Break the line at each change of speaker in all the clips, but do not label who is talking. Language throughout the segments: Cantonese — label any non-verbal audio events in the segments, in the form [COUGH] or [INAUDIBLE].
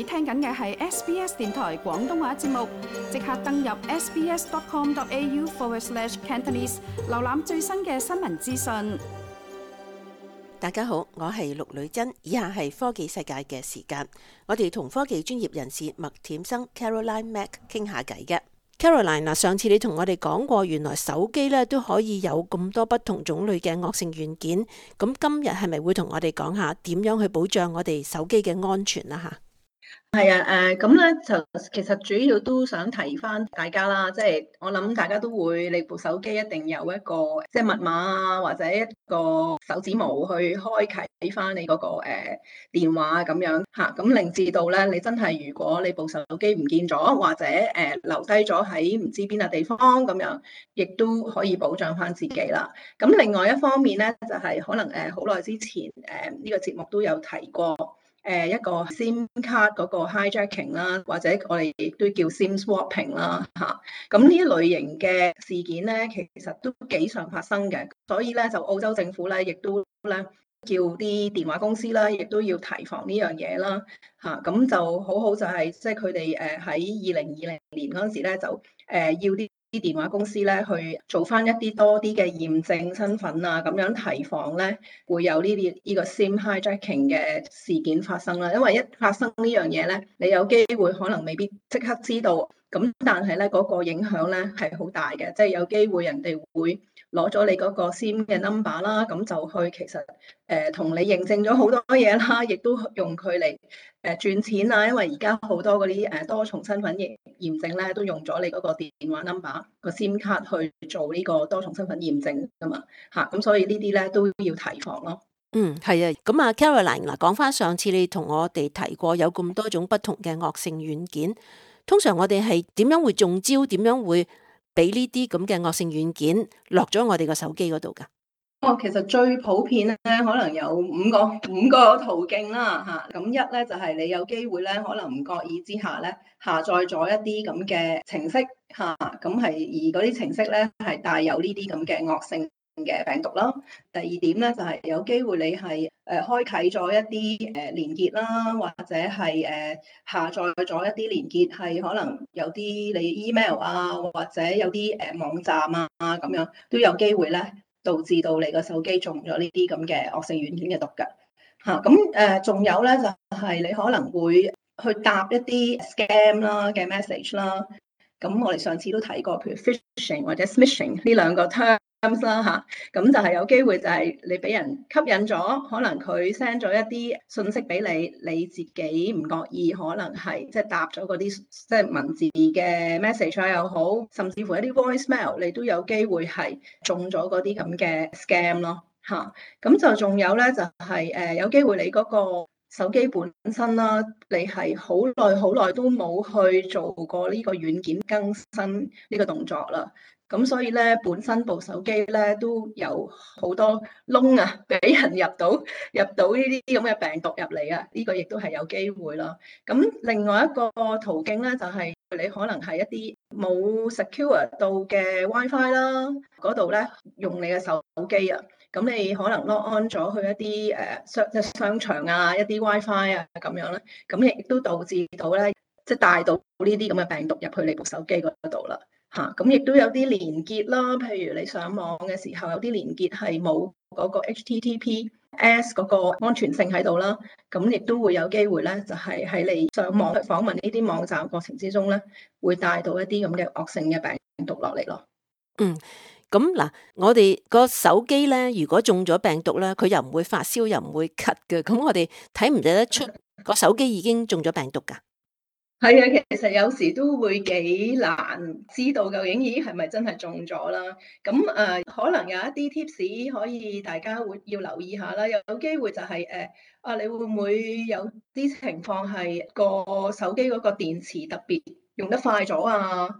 你聽緊嘅係 SBS 電台廣東話節目，即刻登入 sbs.com.au/cantonese an 瀏覽最新嘅新
聞資訊。大家好，我係陸女珍。以下係科技世界嘅時間。我哋同科技專業人士麥恬生 Caroline Mak 傾下偈嘅。Caroline 嗱，上次你同我哋講過，原來手機咧都可以有咁多不同種類嘅惡性軟件。咁今日係咪會同我哋講下點樣去保障我哋手機嘅安全啦，啊？嚇！係啊，誒，咁咧就其實主要都想提
翻大家啦，即係我諗大家都會，你部手機一定有一個即係密碼啊，或者一個手指模去開啟翻你嗰個誒電話咁樣吓，咁令至到咧，你真係如果你部手機唔見咗，或者誒留低咗喺唔知邊個地方咁樣，亦都可以保障翻自己啦。咁另外一方面咧，就係可能誒好耐之前誒呢個節目都有提過。誒一個 SIM 卡嗰個 hijacking 啦，或者我哋亦都叫 SIM swapping 啦、啊，嚇咁呢一類型嘅事件咧，其實都幾常發生嘅，所以咧就澳洲政府咧亦都咧叫啲電話公司啦，亦都要提防呢樣嘢啦，嚇、啊、咁就好好就係即係佢哋誒喺二零二零年嗰陣時咧就誒要啲。啲電話公司咧去做翻一啲多啲嘅驗證身份啊，咁樣提防咧會有呢啲呢個 SIM hijacking 嘅事件發生啦。因為一發生呢樣嘢咧，你有機會可能未必即刻知道。咁但係咧嗰個影響咧係好大嘅，即、就、係、是、有機會人哋會攞咗你嗰個 SIM 嘅 number 啦，咁就去其實誒同、呃、你認證咗好多嘢啦，亦都用佢嚟誒賺錢啦。因為而家好多嗰啲誒多重身份驗驗證咧，都用咗你嗰個電話 number 個 SIM 卡去做呢個多重身份驗證㗎嘛。嚇、
啊，咁所以呢啲咧都要提防咯。嗯，係啊。咁啊，Caroline 嗱，講返上次你同我哋提過有咁多種不同嘅惡性軟件。通常我哋係點樣會中招？點樣會俾呢啲咁嘅惡性軟件落咗我哋個手機嗰度噶？
哦，其實最普遍咧，可能有五個五個途徑啦，吓咁一咧就係你有機會咧，可能唔覺意之下咧下載咗一啲咁嘅程式，吓咁係而嗰啲程式咧係帶有呢啲咁嘅惡性。嘅病毒啦，第二點咧就係、是、有機會你係誒開啟咗一啲誒連結啦，或者係誒下載咗一啲連結，係可能有啲你 email 啊，或者有啲誒網站啊咁樣，都有機會咧導致到你個手機中咗呢啲咁嘅惡性軟件嘅毒㗎嚇。咁誒仲有咧就係、是、你可能會去答一啲 scam 啦嘅 message 啦。咁我哋上次都睇過，譬如 phishing 或者 smishing 呢兩個 term。啦吓，咁就係有機會就係你俾人吸引咗，可能佢 send 咗一啲信息俾你，你自己唔覺意，可能係即係搭咗嗰啲即係文字嘅 message 又好，甚至乎一啲 voice mail，你都有機會係中咗嗰啲咁嘅 scam 咯吓，咁就仲有咧就係、是、誒有機會你嗰、那個。手機本身啦、啊，你係好耐好耐都冇去做過呢個軟件更新呢個動作啦，咁所以咧本身部手機咧都有好多窿啊，俾人入到入到呢啲咁嘅病毒入嚟啊，呢、呢個亦都係有機會咯。咁另外一個途徑咧就係、係、你可能係一啲冇 secure 到嘅 WiFi 啦，嗰度咧用你嘅手機啊。咁你可能 log on 咗去一啲誒商即係商場啊，一啲 WiFi 啊咁樣啦，咁亦都導致到咧，即係帶到呢啲咁嘅病毒入去你部手機嗰度啦，嚇、啊！咁亦都有啲連結啦，譬如你上網嘅時候有啲連結係冇嗰個 HTTPS 嗰個安全性喺度啦，咁亦都會有機會咧，就係喺你上網去訪問呢啲網站過程之中咧，會帶到一啲咁嘅惡性嘅病毒落嚟咯。嗯。
咁嗱，我哋個手機咧，如果中咗病毒咧，佢又唔會發燒，又唔會咳嘅，咁我哋睇唔睇得出個手機已經中咗病毒噶？
係啊，其實有時都會幾難知道究竟依係咪真係中咗啦。咁誒、呃，可能有一啲 tips 可以大家會要留意下啦。有有機會就係、是、誒，啊、呃，你會唔會有啲情況係個手機嗰個電池特別用得快咗啊？誒、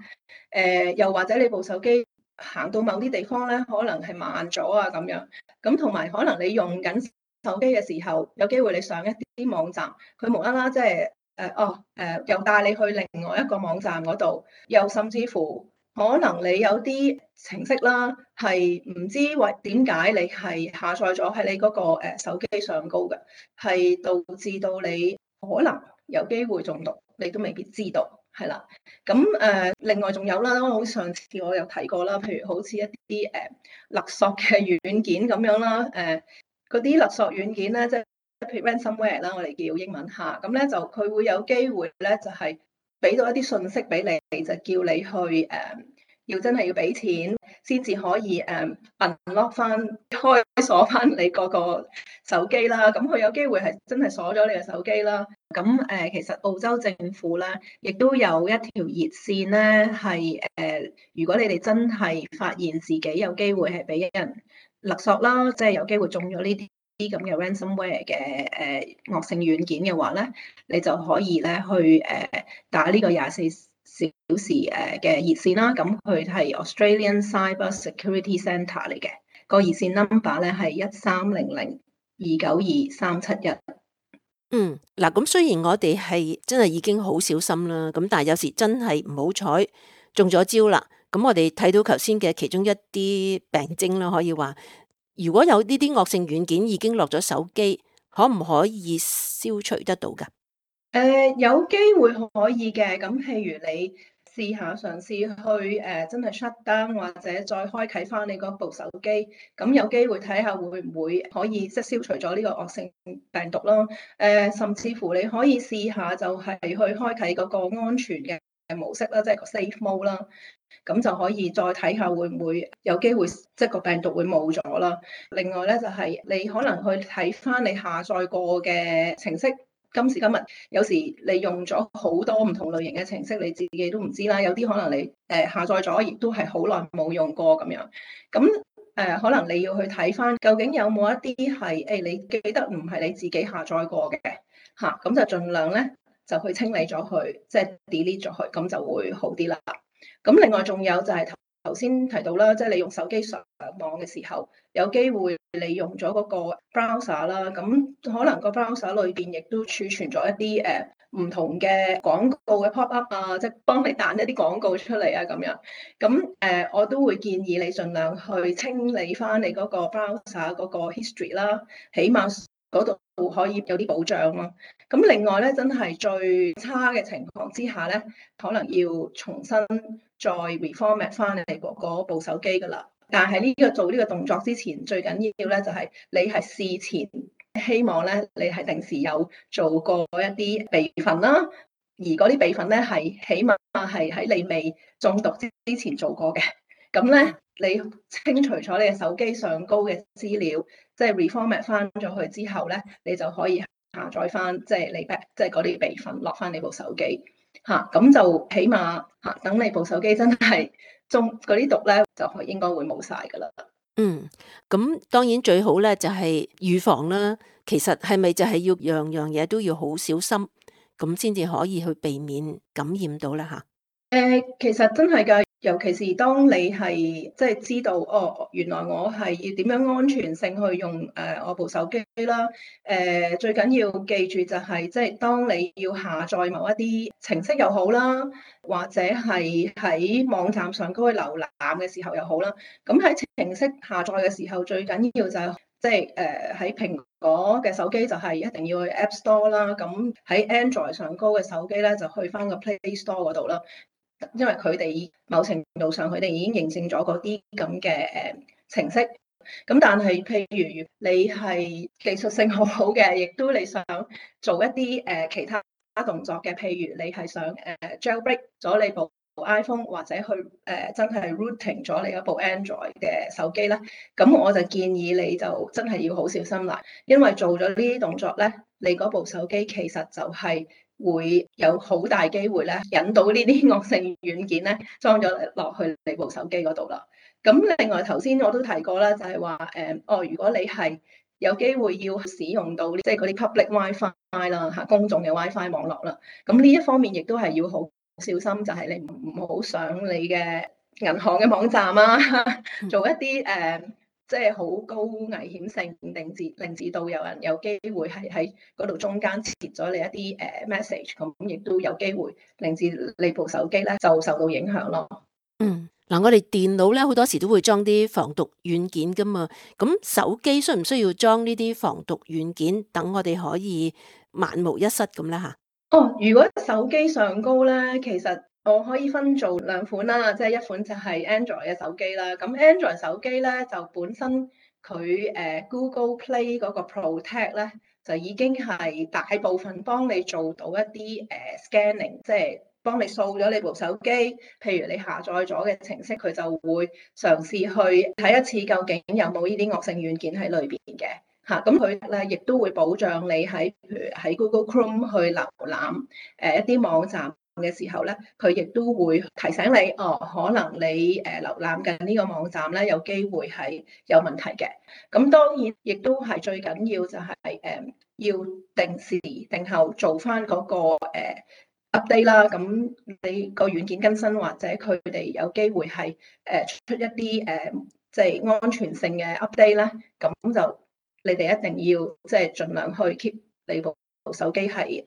呃，又或者你部手機？行到某啲地方咧，可能係慢咗啊咁樣，咁同埋可能你用緊手機嘅時候，有機會你上一啲網站，佢無啦啦即係誒哦誒、呃，又帶你去另外一個網站嗰度，又甚至乎可能你有啲程式啦，係唔知為點解你係下載咗喺你嗰、嗰個、呃、手機上高嘅，係導致到你可能有機會中毒，你都未必知道。係啦，咁誒、呃、另外仲有啦，好上次我有提過啦，譬如好似一啲誒、呃、勒索嘅軟件咁樣啦，誒嗰啲勒索軟件咧，即係譬如 ransomware 啦，我哋叫英文吓，咁咧就佢會有機會咧，就係、是、俾到一啲信息俾你，就叫你去誒、呃，要真係要俾錢。先至可以誒、um，unlock 翻、開鎖翻你嗰個手機啦。咁佢有機會係真係鎖咗你嘅手機啦。咁誒、呃，其實澳洲政府咧，亦都有一條熱線咧，係誒、呃，如果你哋真係發現自己有機會係俾人勒索啦，即、就、係、是、有機會中咗呢啲咁嘅 ransomware 嘅誒、呃、惡性軟件嘅話咧，你就可以咧去誒、呃、打呢個廿四小時誒嘅熱線啦，咁佢係 Australian Cyber Security Centre 嚟嘅，個熱線 number 咧係一三零零二九二三七一。嗯，
嗱，咁雖然我哋係真係已經好小心啦，咁但係有時真係唔好彩中咗招啦。咁我哋睇到頭先嘅其中一啲病徵啦，可以話如果有呢啲惡性軟件已經落咗手機，可唔可以消除得到㗎？
誒，uh, 有機會可以嘅，咁譬如你試下嘗試去誒，uh, 真係 shut down 或者再開啟翻你嗰部手機，咁有機會睇下會唔會可以即係、就是、消除咗呢個惡性病毒咯。誒、uh,，甚至乎你可以試下就係去開啟嗰個安全嘅模式啦，即、就、係、是、個 Safe Mode 啦，咁就可以再睇下會唔會有機會即係、就是、個病毒會冇咗啦。另外咧就係、是、你可能去睇翻你下載過嘅程式。今時今日，有時你用咗好多唔同類型嘅程式，你自己都唔知啦。有啲可能你誒下載咗，亦都係好耐冇用過咁樣。咁誒、呃，可能你要去睇翻，究竟有冇一啲係誒你記得唔係你自己下載過嘅嚇？咁、啊、就盡量咧就去清理咗佢，即係 delete 咗佢，咁就會好啲啦。咁另外仲有就係、是。頭先提到啦，即係你用手機上網嘅時候，有機會你用咗嗰個 browser 啦，咁可能個 browser 裏邊亦都儲存咗一啲誒唔同嘅廣告嘅 pop up 啊，即係幫你彈一啲廣告出嚟啊，咁樣，咁誒，我都會建議你盡量去清理翻你嗰個 browser 嗰個 history 啦，起碼。嗰度可以有啲保障咯。咁另外咧，真係最差嘅情況之下咧，可能要重新再 reformat 翻你哋嗰部手機噶啦。但係呢個做呢個動作之前，最緊要咧就係你係事前希望咧，你係定時有做過一啲備份啦。而嗰啲備份咧係起碼係喺你未中毒之之前做過嘅。咁咧。你清除咗你嘅手機上高嘅資料，即係 reformat 翻咗佢之後咧，你就可以下載翻，即係你備，即係嗰啲備份落翻你部手機，嚇，咁就起碼嚇，等你部手機真係中嗰啲毒咧，就應該會冇晒噶啦。嗯，
咁當然最好咧就係預防啦。其實係咪就係要樣樣嘢都要好小心，咁先至可以去避免感染到啦？嚇！
誒，其實真係噶，尤其是當你係即係知道哦，原來我係要點樣安全性去用誒、呃、我部手機啦。誒、呃，最緊要記住就係、是，即、就、係、是，當你要下載某一啲程式又好啦，或者係喺網站上高去瀏覽嘅時候又好啦。咁喺程式下載嘅時候，最緊要就係即係誒，喺蘋果嘅手機就係一定要去 App Store 啦。咁喺 Android 上高嘅手機咧，就去翻個 Play Store 嗰度啦。因為佢哋某程度上，佢哋已經認證咗嗰啲咁嘅誒程式。咁但係，譬如你係技術性好好嘅，亦都你想做一啲誒其他動作嘅，譬如你係想誒 jailbreak 咗你部。iPhone 或者去誒、呃、真係 rooting 咗你一部 Android 嘅手機咧，咁我就建議你就真係要好小心啦，因為做咗呢啲動作咧，你嗰部手機其實就係會有好大機會咧，引到呢啲惡性軟件咧裝咗落去你部手機嗰度啦。咁另外頭先我都提過啦，就係話誒哦，如果你係有機會要使用到即係嗰啲 public WiFi 啦吓，公眾嘅 WiFi 網絡啦，咁呢一方面亦都係要好。小心就係你唔好上你嘅銀行嘅網站啦，啊， [LAUGHS] 做一啲誒，即係好高危險性，令至令至到有人有機會係喺嗰度中間切咗你一啲誒、uh, message，咁亦都有機會令至你部手機咧就受到影響咯、
嗯。嗯，嗱，我哋電腦咧好多時都會裝啲防毒軟件噶嘛，咁手機需唔需要裝呢啲防毒軟件，等我哋可以萬無一失咁咧嚇？
哦，oh, 如果手機上高咧，其實我可以分做兩款啦，即係一款就係 Android 嘅手機啦。咁 Android 手機咧，就本身佢誒 Google Play 嗰個 Protect 咧，就已經係大部分幫你做到一啲誒 scanning，即係幫你掃咗你部手機，譬如你下載咗嘅程式，佢就會嘗試去睇一次究竟有冇呢啲惡性軟件喺裏邊嘅。嚇咁佢咧，亦、嗯、都會保障你喺譬如喺 Google Chrome 去瀏覽誒一啲網站嘅時候咧，佢亦都會提醒你，哦，可能你誒、呃、瀏覽緊呢個網站咧，有機會係有問題嘅。咁、嗯、當然亦都係最緊要就係、是、誒、呃、要定時定候做返嗰、那個、呃、update 啦。咁、嗯、你個軟件更新或者佢哋有機會係誒、呃、出一啲誒、呃、即係安全性嘅 update 啦。咁、嗯、就～你哋一定要即係盡量去 keep 你部手機係誒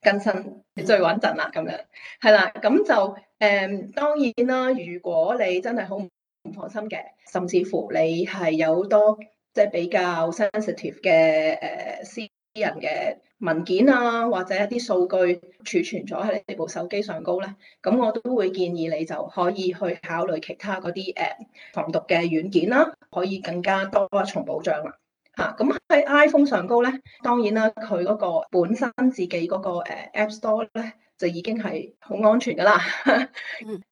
更新最穩陣啦，咁樣係啦。咁就誒、嗯、當然啦，如果你真係好唔放心嘅，甚至乎你係有多即係比較 sensitive 嘅誒私人嘅文件啊，或者一啲數據儲存咗喺你部手機上高咧，咁我都會建議你就可以去考慮其他嗰啲誒防毒嘅軟件啦、啊，可以更加多一重保障啦。嚇，咁喺 iPhone 上高咧，當然啦，佢嗰個本身自己嗰個 App Store 咧，就已經係好安全㗎啦。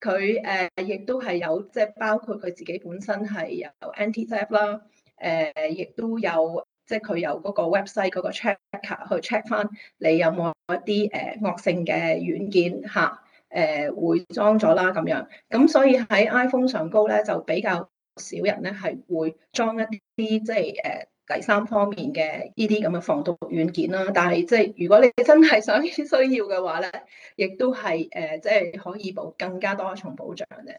佢誒亦都係有即係包括佢自己本身係有 Anti-Zap 啦，誒亦都有即係佢有嗰個 website 嗰個 checker 去 check 翻你有冇一啲誒惡性嘅軟件，嚇誒會裝咗啦咁樣。咁所以喺 iPhone 上高咧就比較少人咧係會裝一啲即係誒。呃第三方面嘅呢啲咁嘅防毒軟件啦，但係即係如果你真係想需要嘅話咧，亦都係誒，即、呃、係、就是、可以保更加多一重保障嘅。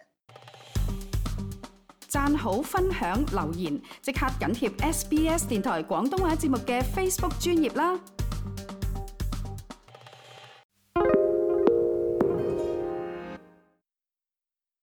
讚好、分享、留言，即刻緊貼 SBS 電台廣東話節目嘅 Facebook 專頁啦！